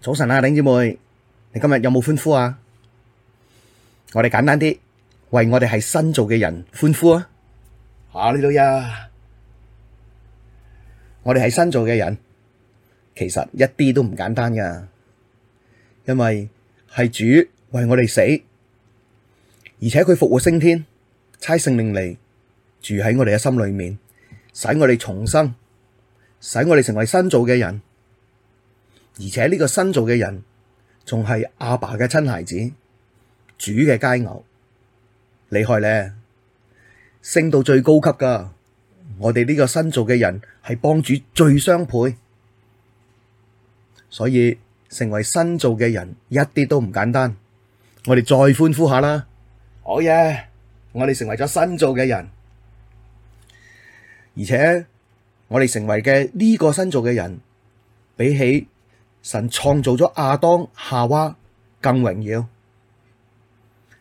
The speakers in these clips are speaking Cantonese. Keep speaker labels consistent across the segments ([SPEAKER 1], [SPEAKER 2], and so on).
[SPEAKER 1] 早晨啊，丁姐妹，你今日有冇歡呼啊？我哋簡單啲，為我哋係新造嘅人歡呼啊！吓呢度呀，我哋係新造嘅人，其實一啲都唔簡單㗎，因為係主為我哋死，而且佢復活升天，差聖靈嚟住喺我哋嘅心裏面，使我哋重生，使我哋成為新造嘅人。而且呢個新造嘅人，仲係阿爸嘅親孩子，主嘅佳偶，厲害咧，升到最高級噶。我哋呢個新造嘅人係幫主最相配，所以成為新造嘅人一啲都唔簡單。我哋再歡呼下啦，好嘢！我哋成為咗新造嘅人，而且我哋成為嘅呢個新造嘅人，比起神創造咗亞當、夏娃更榮耀。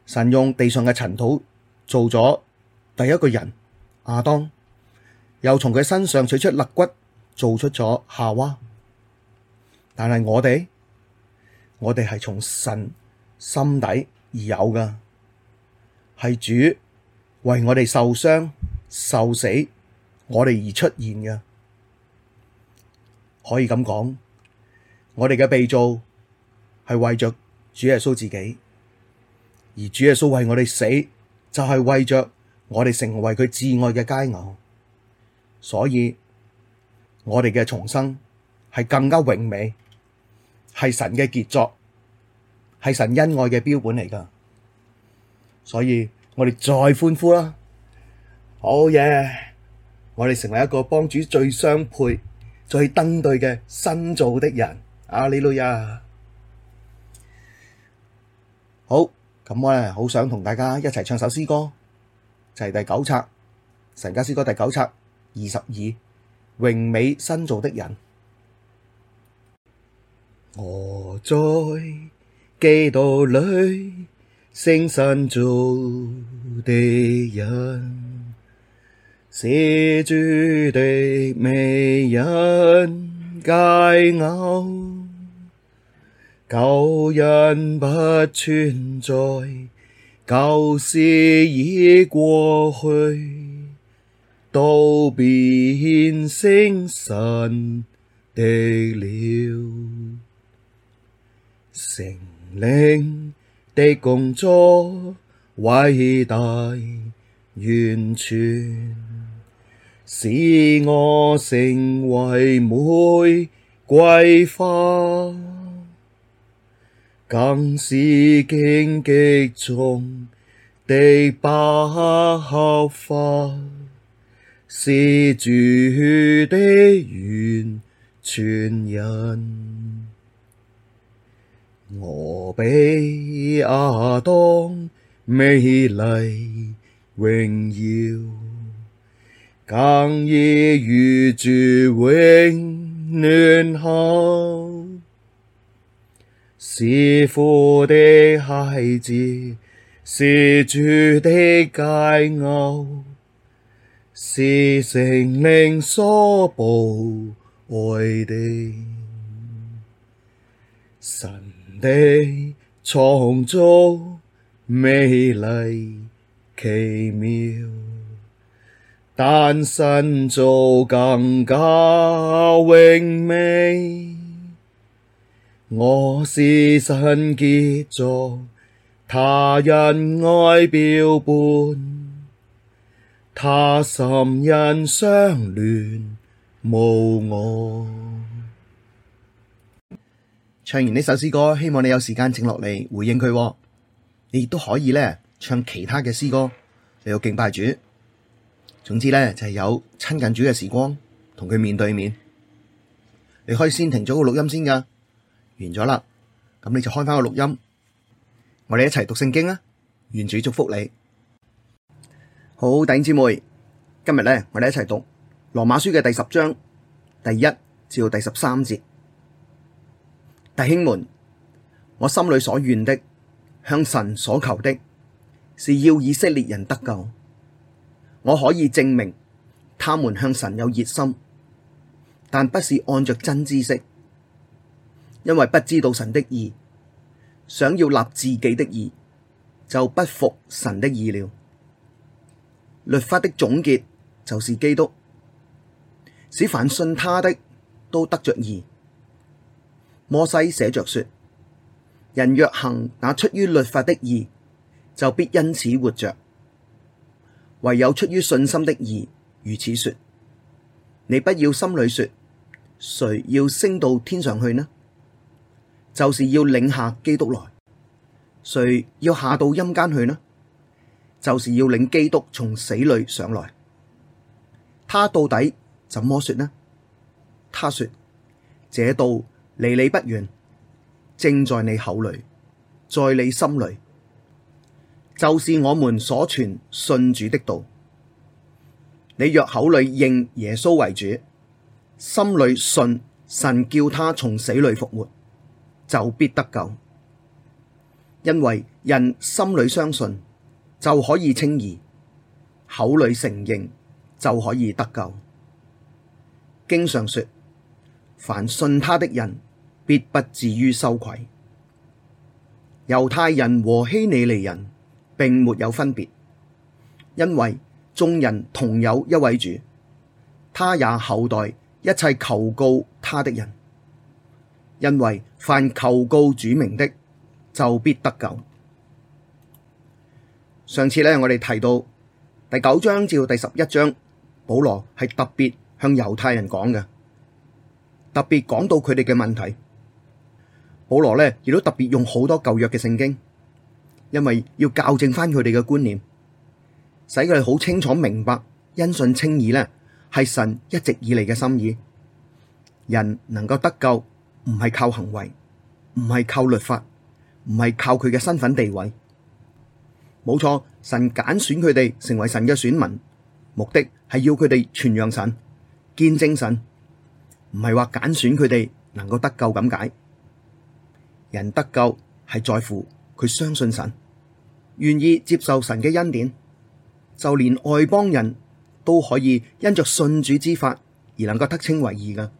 [SPEAKER 1] 神用地上嘅塵土做咗第一個人亞當，又從佢身上取出肋骨做出咗夏娃。但係我哋，我哋係從神心底而有噶，係主為我哋受傷、受死，我哋而出現噶，可以咁講。我哋嘅被造係為着主耶穌自己，而主耶穌為我哋死，就係為着我哋成為佢至愛嘅佳偶。所以，我哋嘅重生係更加榮美，係神嘅傑作，係神恩愛嘅標本嚟㗎。所以我哋再歡呼啦！好嘢，我哋成為一個幫主最相配、最登對嘅新造的人。阿利路亞，好，咁我咧好想同大家一齊唱首詩歌，就係、是、第九冊《神家詩歌》第九冊二十二《榮美新造的人》。
[SPEAKER 2] 我在基督裏，成新造的人，是主的美人佳偶。舊人不存在，舊事已過去，都變成新的了，聖靈的工作偉大完全，使我成為玫瑰花。更是荊棘中的百合花，是主的完全人，我比亞當美麗榮耀，更已與主永聯合。是父的孩子，是主的佳偶，是聖靈所寶愛的。神的創造美麗奇妙，但新造更加榮美。我是神傑作，祂恩愛標本，祂心欣賞戀慕我。
[SPEAKER 1] 唱完呢首詩歌，希望你有時間靜落嚟回應佢喎。你亦都可以呢唱其他嘅詩歌，你有敬拜主。總之呢，就係有親近主嘅時光，同佢面對面。你可以先停咗個錄音先㗎。完咗啦，咁你就開翻個錄音，我哋一齊讀聖經啊！願主祝福你，好弟兄姊妹，今日呢，我哋一齊讀羅馬書嘅第十章第一至到第十三節。弟兄們，我心裡所願的，向神所求的，是要以色列人得救。我可以證明，他們向神有熱心，但不是按着真知識。因為不知道神的義，想要立自己的義，就不服神的義了。律法的總結就是基督，使凡信他的都得着義。摩西寫着說：人若行那出於律法的義，就必因此活着；唯有出於信心的義，如此說：你不要心裏說，誰要升到天上去呢？就是要領下基督來，誰要下到陰間去呢？就是要領基督從死裡上來。他到底怎麼說呢？他說：這道離你不遠，正在你口裡，在你心裡，就是我們所傳信主的道。你若口裡認耶穌為主，心裡信神叫他從死裡復活。就必得救，因為人心裡相信，就可以稱義，口裡承認就可以得救。經上說：凡信他的人，必不至於羞愧。猶太人和希利尼人并沒有分別，因為眾人同有一位主，他也厚待一切求告他的人。因為凡求告主名的，就必得救。上次咧，我哋提到第九章至到第十一章，保羅係特別向猶太人講嘅，特別講到佢哋嘅問題。保羅呢，亦都特別用好多舊約嘅聖經，因為要校正返佢哋嘅觀念，使佢哋好清楚明白，因信稱義呢，係神一直以嚟嘅心意，人能夠得救。唔係靠行為，唔係靠律法，唔係靠佢嘅身份地位。冇錯，神揀選佢哋成為神嘅選民，目的係要佢哋傳揚神、見證神。唔係話揀選佢哋能夠得救咁解。人得救係在乎佢相信神，願意接受神嘅恩典。就連外邦人都可以因着信主之法而能夠得稱為義噶。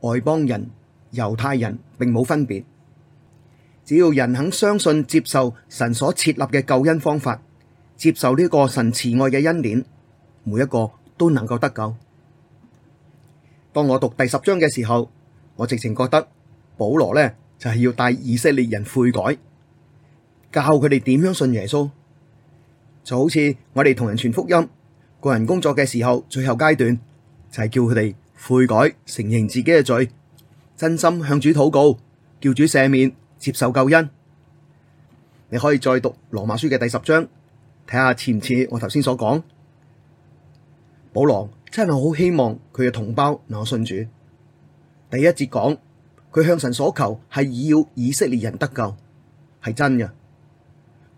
[SPEAKER 1] 外邦人，猶太人並冇分別，只要人肯相信、接受神所設立嘅救恩方法，接受呢個神慈愛嘅恩典，每一個都能夠得救。當我讀第十章嘅時候，我直情覺得保羅呢就係要帶以色列人悔改，教佢哋點樣信耶穌，就好似我哋同人傳福音個人工作嘅時候，最後階段就係叫佢哋悔改，承認自己嘅罪。真心向主禱告，叫主赦免，接受救恩。你可以再讀羅馬書嘅第十章，睇下似唔似我頭先所講。保羅真係好希望佢嘅同胞能夠信主。第一節講佢向神所求係要以色列人得救，係真嘅。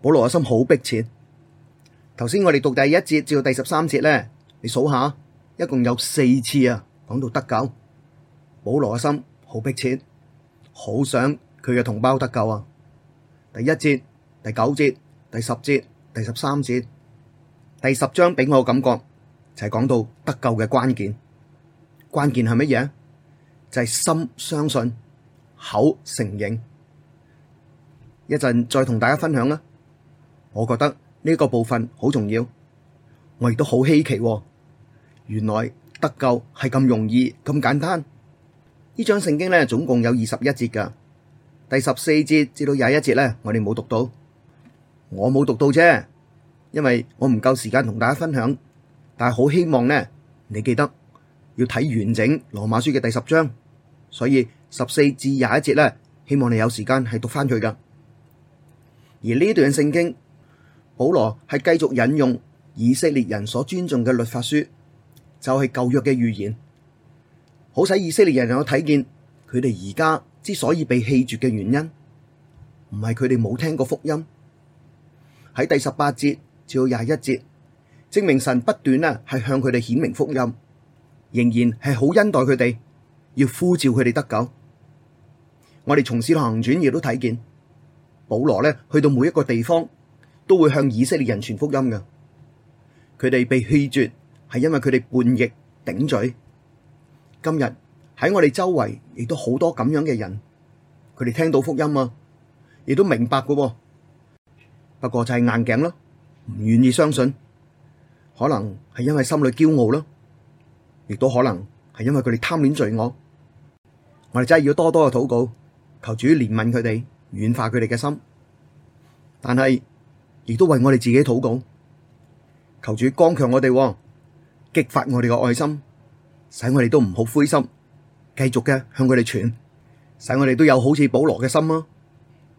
[SPEAKER 1] 保羅嘅心好迫切。頭先我哋讀第一節至到第十三節咧，你數下一共有四次啊，講到得救。保羅嘅心。好迫切，好想佢嘅同胞得救啊！第一節、第九節、第十節、第十三節，第十章俾我感覺就係講到得救嘅關鍵，關鍵係乜嘢？就係心相信，口承認。一陣再同大家分享啦。我覺得呢個部分好重要，我亦都好稀奇，原來得救係咁容易咁簡單。呢章聖經咧總共有二十一節噶，第十四節至到廿一節咧，我哋冇讀到，我冇讀到啫，因為我唔夠時間同大家分享，但係好希望咧，你記得要睇完整羅馬書嘅第十章，所以十四至廿一節咧，希望你有時間係讀翻佢噶。而呢段聖經，保羅係繼續引用以色列人所尊重嘅律法書，就係、是、舊約嘅預言。好使以色列人有睇見佢哋而家之所以被棄絕嘅原因，唔係佢哋冇聽過福音。喺第十八節至到廿一節，證明神不斷啊係向佢哋顯明福音，仍然係好恩待佢哋，要呼召佢哋得救。我哋從使徒行傳亦都睇見，保羅咧去到每一個地方都會向以色列人傳福音嘅。佢哋被棄絕係因為佢哋叛逆頂嘴。今日喺我哋周圍亦都好多咁樣嘅人，佢哋聽到福音啊，亦都明白噶。不過就係硬頸咯，唔願意相信，可能係因為心裏驕傲咯，亦都可能係因為佢哋貪戀罪惡。我哋真係要多多嘅禱告，求主憐憫佢哋，軟化佢哋嘅心。但係亦都為我哋自己禱告，求主剛強我哋，激發我哋嘅愛心。使我哋都唔好灰心，繼續嘅向佢哋傳，使我哋都有好似保羅嘅心啊！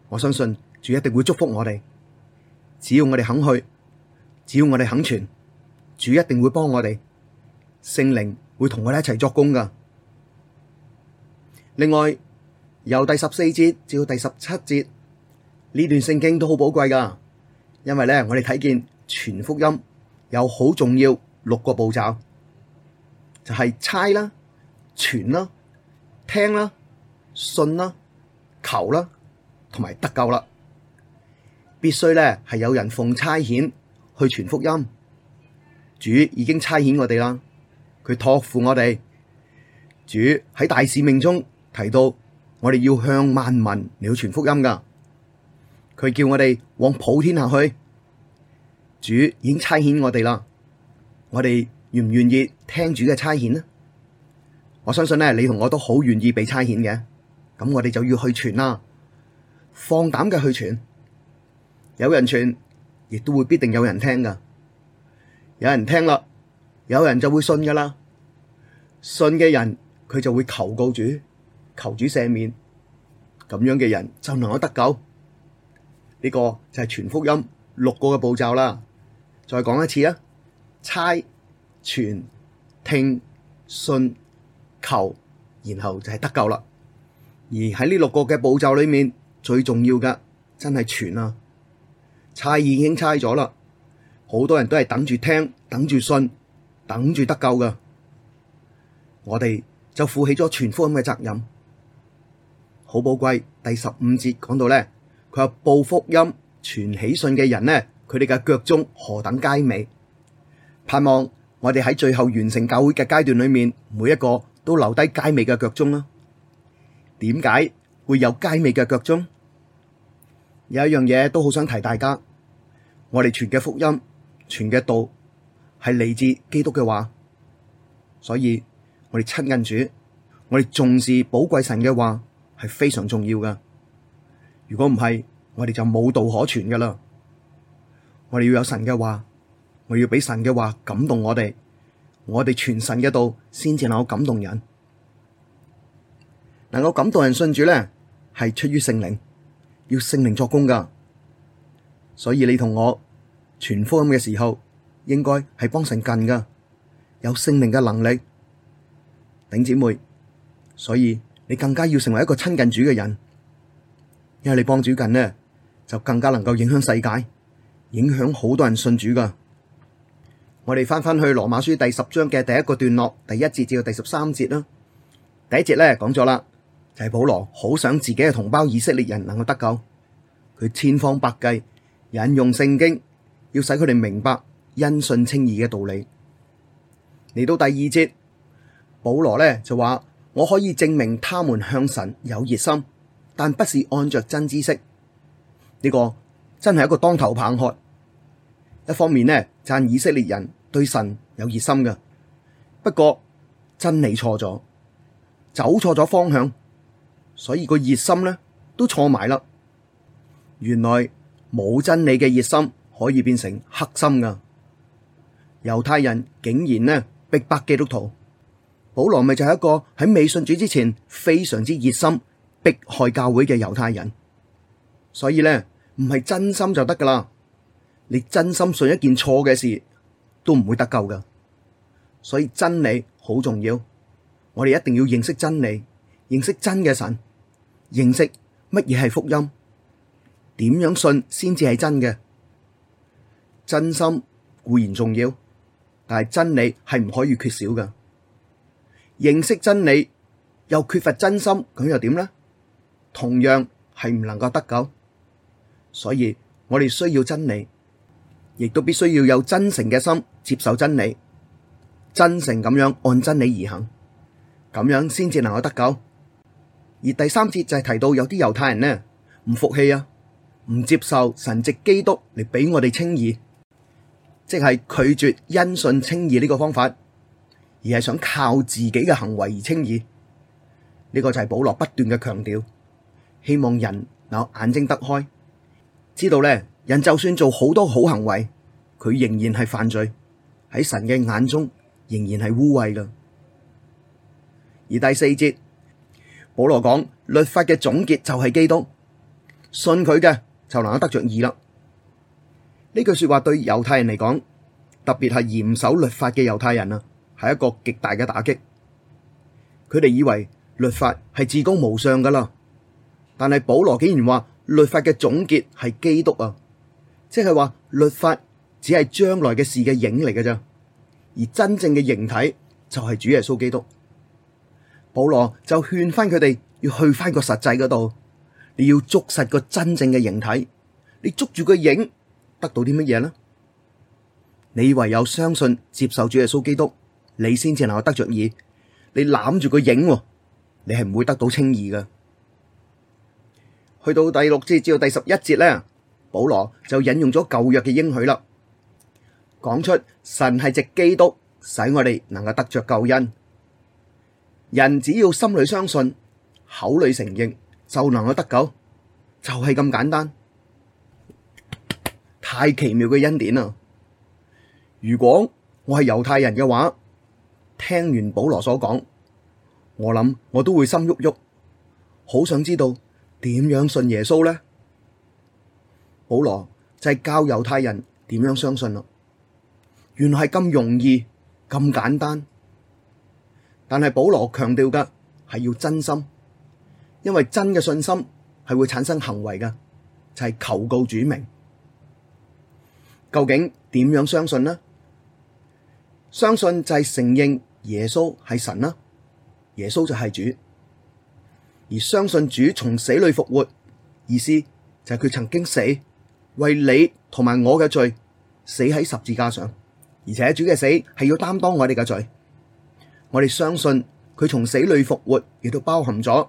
[SPEAKER 1] 我相信主一定會祝福我哋，只要我哋肯去，只要我哋肯傳，主一定會幫我哋，聖靈會同我哋一齊作工噶。另外由第十四節至到第十七節呢段聖經都好寶貴噶，因為咧我哋睇見傳福音有好重要六個步驟。就係差啦、傳啦、聽啦、信啦、求啦，同埋得救啦。必須咧係有人奉差遣去傳福音。主已經差遣我哋啦，佢托付我哋。主喺大使命中提到，我哋要向萬民嚟，去傳福音噶。佢叫我哋往普天下去。主已經差遣我哋啦，我哋，願唔願意聽主嘅差遣呢？我相信呢，你同我都好願意被差遣嘅。咁我哋就要去傳啦，放膽嘅去傳。有人傳，亦都會必定有人聽噶。有人聽啦，有人就會信噶啦。信嘅人佢就會求告主，求主赦免。咁樣嘅人就能夠得救。呢、這個就係全福音六個嘅步驟啦。再講一次啊，差。傳、聽、信、求，然後就係得救啦。而喺呢六個嘅步驟裏面，最重要嘅真係傳啊。猜已經猜咗啦，好多人都係等住聽，等住信，等住得救噶。我哋就負起咗傳福音嘅責任，好寶貴。第十五節講到咧，佢話報福音、傳喜信嘅人呢，佢哋嘅腳中何等佳美，盼望。我哋喺最後完成教會嘅階段裏面，每一個都留低佳美嘅腳蹤啦。點解會有佳美嘅腳蹤？有一樣嘢都好想提大家，我哋傳嘅福音、傳嘅道係嚟自基督嘅話，所以我哋親近主，我哋重視寶貴神嘅話係非常重要噶。如果唔係，我哋就冇道可傳噶啦。我哋要有神嘅話。我要俾神嘅話感動我哋，我哋傳神嘅道先至能夠感動人，能夠感動人信主咧係出於聖靈，要聖靈作工噶。所以你同我傳福音嘅時候，應該係幫神近噶，有聖靈嘅能力，頂姐妹。所以你更加要成為一個親近主嘅人，因為你幫主近呢，就更加能夠影響世界，影響好多人信主噶。我哋翻翻去羅馬書第十章嘅第一個段落，第一節至到第十三節啦。第一節咧講咗啦，就係、是、保羅好想自己嘅同胞以色列人能夠得救，佢千方百計引用聖經，要使佢哋明白因信稱義嘅道理。嚟到第二節，保羅呢就話：我可以證明他們向神有熱心，但不是按着真知識。呢、這個真係一個當頭棒喝。一方面咧，贊以色列人對神有熱心噶，不過真理錯咗，走錯咗方向，所以個熱心呢都錯埋啦。原來冇真理嘅熱心可以變成黑心噶。猶太人竟然呢逼迫白基督徒，保羅咪就係一個喺未信主之前非常之熱心逼害教會嘅猶太人，所以呢，唔係真心就得噶啦。你真心信一件錯嘅事，都唔會得救㗎。所以真理好重要，我哋一定要認識真理，認識真嘅神，認識乜嘢係福音，點樣信先至係真嘅。真心固然重要，但係真理係唔可以缺少㗎。認識真理又缺乏真心，咁又點呢？同樣係唔能夠得救。所以我哋需要真理。亦都必須要有真誠嘅心接受真理，真誠咁樣按真理而行，咁樣先至能夠得救。而第三節就係提到有啲猶太人呢，唔服氣啊，唔接受神藉基督嚟俾我哋稱義，即係拒絕因信稱義呢個方法，而係想靠自己嘅行為而稱義。呢個就係保羅不斷嘅強調，希望人有眼睛得開，知道呢。人就算做好多好行為，佢仍然係犯罪，喺神嘅眼中仍然係污穢噶。而第四節，保羅講律法嘅總結就係基督，信佢嘅就能夠得着義啦。呢句說話對猶太人嚟講，特別係嚴守律法嘅猶太人啊，係一個極大嘅打擊。佢哋以為律法係至高無上噶啦，但係保羅竟然話律法嘅總結係基督啊！即係話律法只係將來嘅事嘅影嚟嘅咋，而真正嘅形體就係主耶穌基督。保羅就勸翻佢哋要去翻個實際嗰度，你要捉實個真正嘅形體，你捉住個影，得到啲乜嘢呢？你唯有相信接受主耶穌基督，你先至能夠得着意。你攬住個影，你係唔會得到清義噶。去到第六節至至到第十一節咧。保羅就引用咗舊約嘅應許啦，講出神係藉基督使我哋能夠得着救恩。人只要心裏相信，口裏承認就夠，就能夠得救，就係咁簡單。太奇妙嘅恩典啊！如果我係猶太人嘅話，聽完保羅所講，我諗我都會心喐喐，好想知道點樣信耶穌呢？保羅就係教猶太人點樣相信咯，原來係咁容易咁簡單，但係保羅強調嘅係要真心，因為真嘅信心係會產生行為嘅，就係求告主名。究竟點樣相信呢？相信就係承認耶穌係神啦，耶穌就係主，而相信主從死裏復活，意思就係佢曾經死。為你同埋我嘅罪死喺十字架上，而且主嘅死係要擔當我哋嘅罪。我哋相信佢從死裏復活，亦都包含咗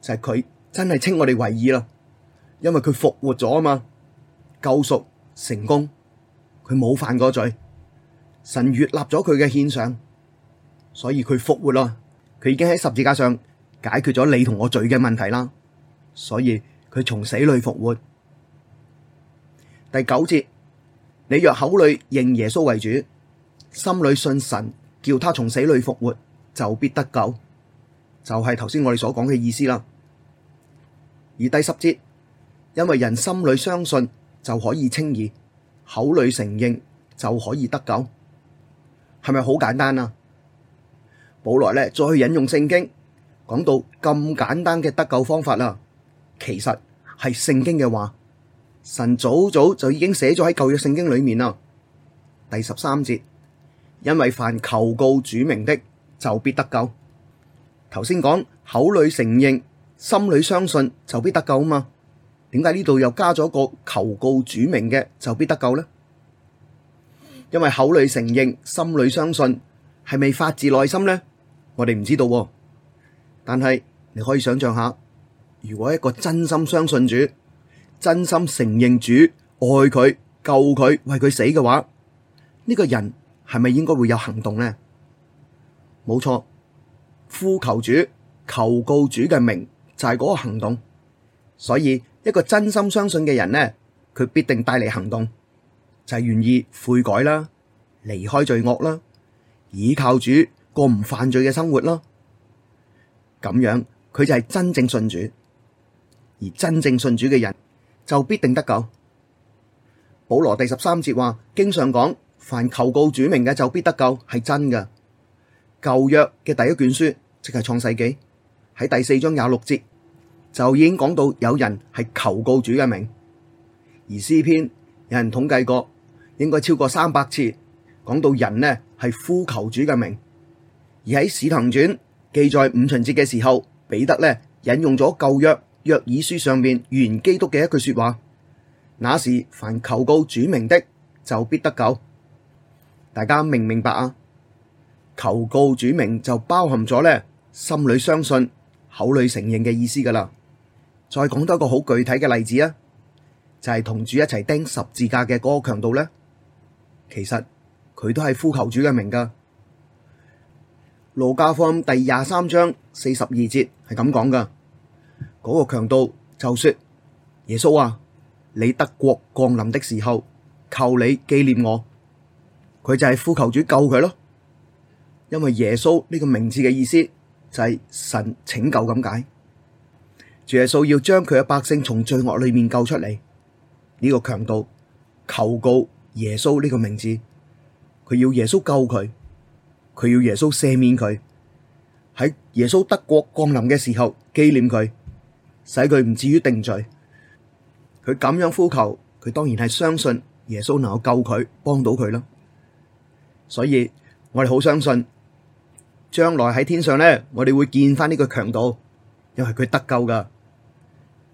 [SPEAKER 1] 就係、是、佢真係稱我哋為義啦，因為佢復活咗啊嘛，救贖成功，佢冇犯過罪，神越立悅納咗佢嘅獻上，所以佢復活啦，佢已經喺十字架上解決咗你同我罪嘅問題啦，所以佢從死裏復活。第九節，你若口裏認耶穌為主，心裏信神叫他從死裏復活，就必得救。就係頭先我哋所講嘅意思啦。而第十節，因為人心裏相信，就可以稱義，口裏承認就可以得救，係咪好簡單啊？保羅呢，再去引用聖經，講到咁簡單嘅得救方法啦，其實係聖經嘅話。神早早就已經寫咗喺舊約聖經裏面啦，第十三節，因為凡求告主名的，就必得救。頭先講口裏承認、心裏相信就必得救啊嘛，點解呢度又加咗個求告主名嘅就必得救呢？因為口裏承認、心裏相信係咪發自內心呢？我哋唔知道啊，但係你可以想象下，如果一個真心相信主。真心承認主愛佢、救佢、為佢死嘅話，呢、這個人係咪應該會有行動呢？冇錯，呼求主、求告主嘅名就係、是、嗰個行動。所以一個真心相信嘅人呢，佢必定帶嚟行動，就係、是、願意悔改啦、離開罪惡啦、倚靠主過唔犯罪嘅生活啦。咁樣佢就係真正信主，而真正信主嘅人。就必定得救。保羅第十三節話，經常講，凡求告主名嘅就必得救，係真嘅。舊約嘅第一卷書，即係創世記，喺第四章廿六節就已經講到有人係求告主嘅名。而詩篇有人統計過，應該超過三百次講到人呢係呼求主嘅名。而喺使徒行傳記載五旬節嘅時候，彼得呢引用咗舊約。約珥書上面原基督嘅一句說話，那時凡求告主名的就必得救。大家明唔明白啊？求告主名就包含咗咧心裏相信、口裏承認嘅意思噶啦。再講多一個好具體嘅例子啊，就係、是，同主一齊釘十字架嘅嗰個強盜咧，其實佢都係呼求主嘅名噶。路加福音第廿三章四十二節係咁講噶。嗰個強盜就說：耶穌啊，你得國降臨的時候，求你紀念我。佢就係呼求主救佢咯，因為耶穌呢個名字嘅意思就係神拯救咁解。耶穌要將佢嘅百姓從罪惡裏面救出嚟。呢、這個強盜求告耶穌呢個名字，佢要耶穌救佢，佢要耶穌赦免佢。喺耶穌得國降臨嘅時候，紀念佢，使佢唔至於定罪，佢咁樣呼求，佢當然係相信耶穌能夠救佢，幫到佢囉。所以我哋好相信，將來喺天上咧，我哋會見翻呢個強盜，因為佢得救噶，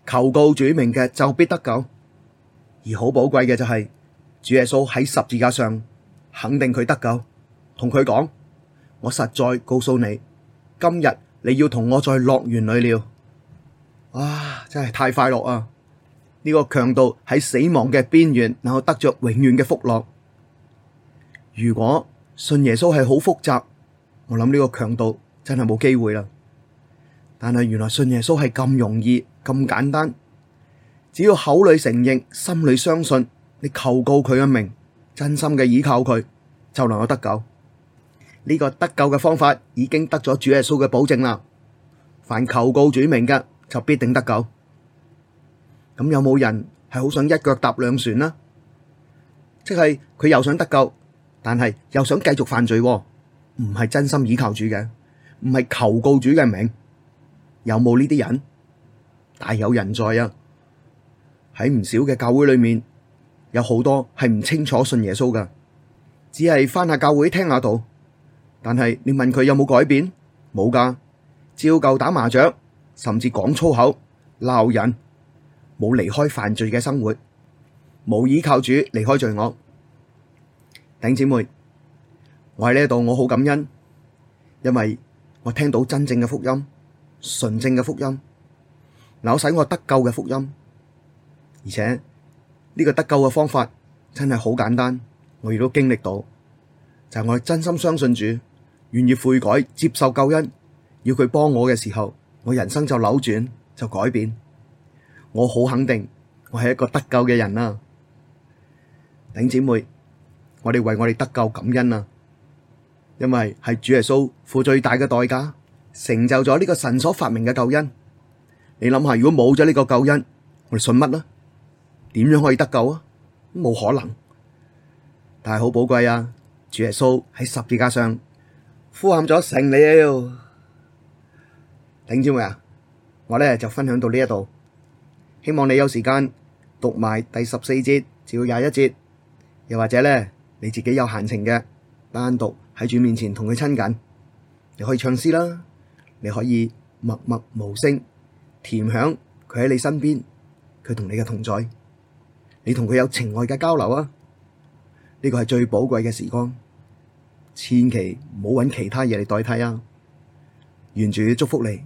[SPEAKER 1] 求告主名嘅就必得救。而好寶貴嘅就係，主耶穌喺十字架上肯定佢得救，同佢講：我實在告訴你，今日你要同我在樂園裏了。哇！真係太快樂啊！呢、這個強盜喺死亡嘅邊緣，能夠得着永遠嘅福樂。如果信耶穌係好複雜，我諗呢個強盜真係冇機會啦。但係原來信耶穌係咁容易咁簡單，只要口裡承認，心裡相信，你求告佢嘅名，真心嘅依靠佢，就能夠得救。呢、這個得救嘅方法已經得咗主耶穌嘅保證啦。凡求告主名嘅，就必定得救。咁有冇人係好想一腳踏兩船呢？即係佢又想得救，但係又想繼續犯罪，啊，唔係真心倚靠主嘅，唔係求告主嘅名。有冇呢啲人？大有人在啊！喺唔少嘅教會裏面，有好多係唔清楚信耶穌噶，只係翻下教會聽下道。但係你問佢有冇改變？冇噶，照舊打麻雀。甚至講粗口、鬧人，冇離開犯罪嘅生活，冇依靠主離開罪惡。弟兄姐妹，我喺呢度我好感恩，因為我聽到真正嘅福音、純正嘅福音，扭使我得救嘅福音。而且呢、這個得救嘅方法真係好簡單，我亦都經歷到就係、是、我真心相信主，願意悔改接受救恩，要佢幫我嘅時候。我人生就扭轉就改變，我好肯定我係一個得救嘅人啦、啊。頂姐妹，我哋為我哋得救感恩啊！因為係主耶穌付最大嘅代價，成就咗呢個神所發明嘅救恩。你諗下，如果冇咗呢個救恩，我哋信乜呢？點樣可以得救啊？冇可能。但係好寶貴啊！主耶穌喺十字架上呼喊咗：成了！領姊妹啊，我咧就分享到呢一度，希望你有時間讀埋第十四節至到廿一節，又或者咧你自己有閒情嘅，單獨喺主面前同佢親近，你可以唱詩啦，你可以默默無聲甜享佢喺你身邊，佢同你嘅同在，你同佢有情愛嘅交流啊，呢、這個係最寶貴嘅時光，千祈唔好揾其他嘢嚟代替啊，願主祝福你。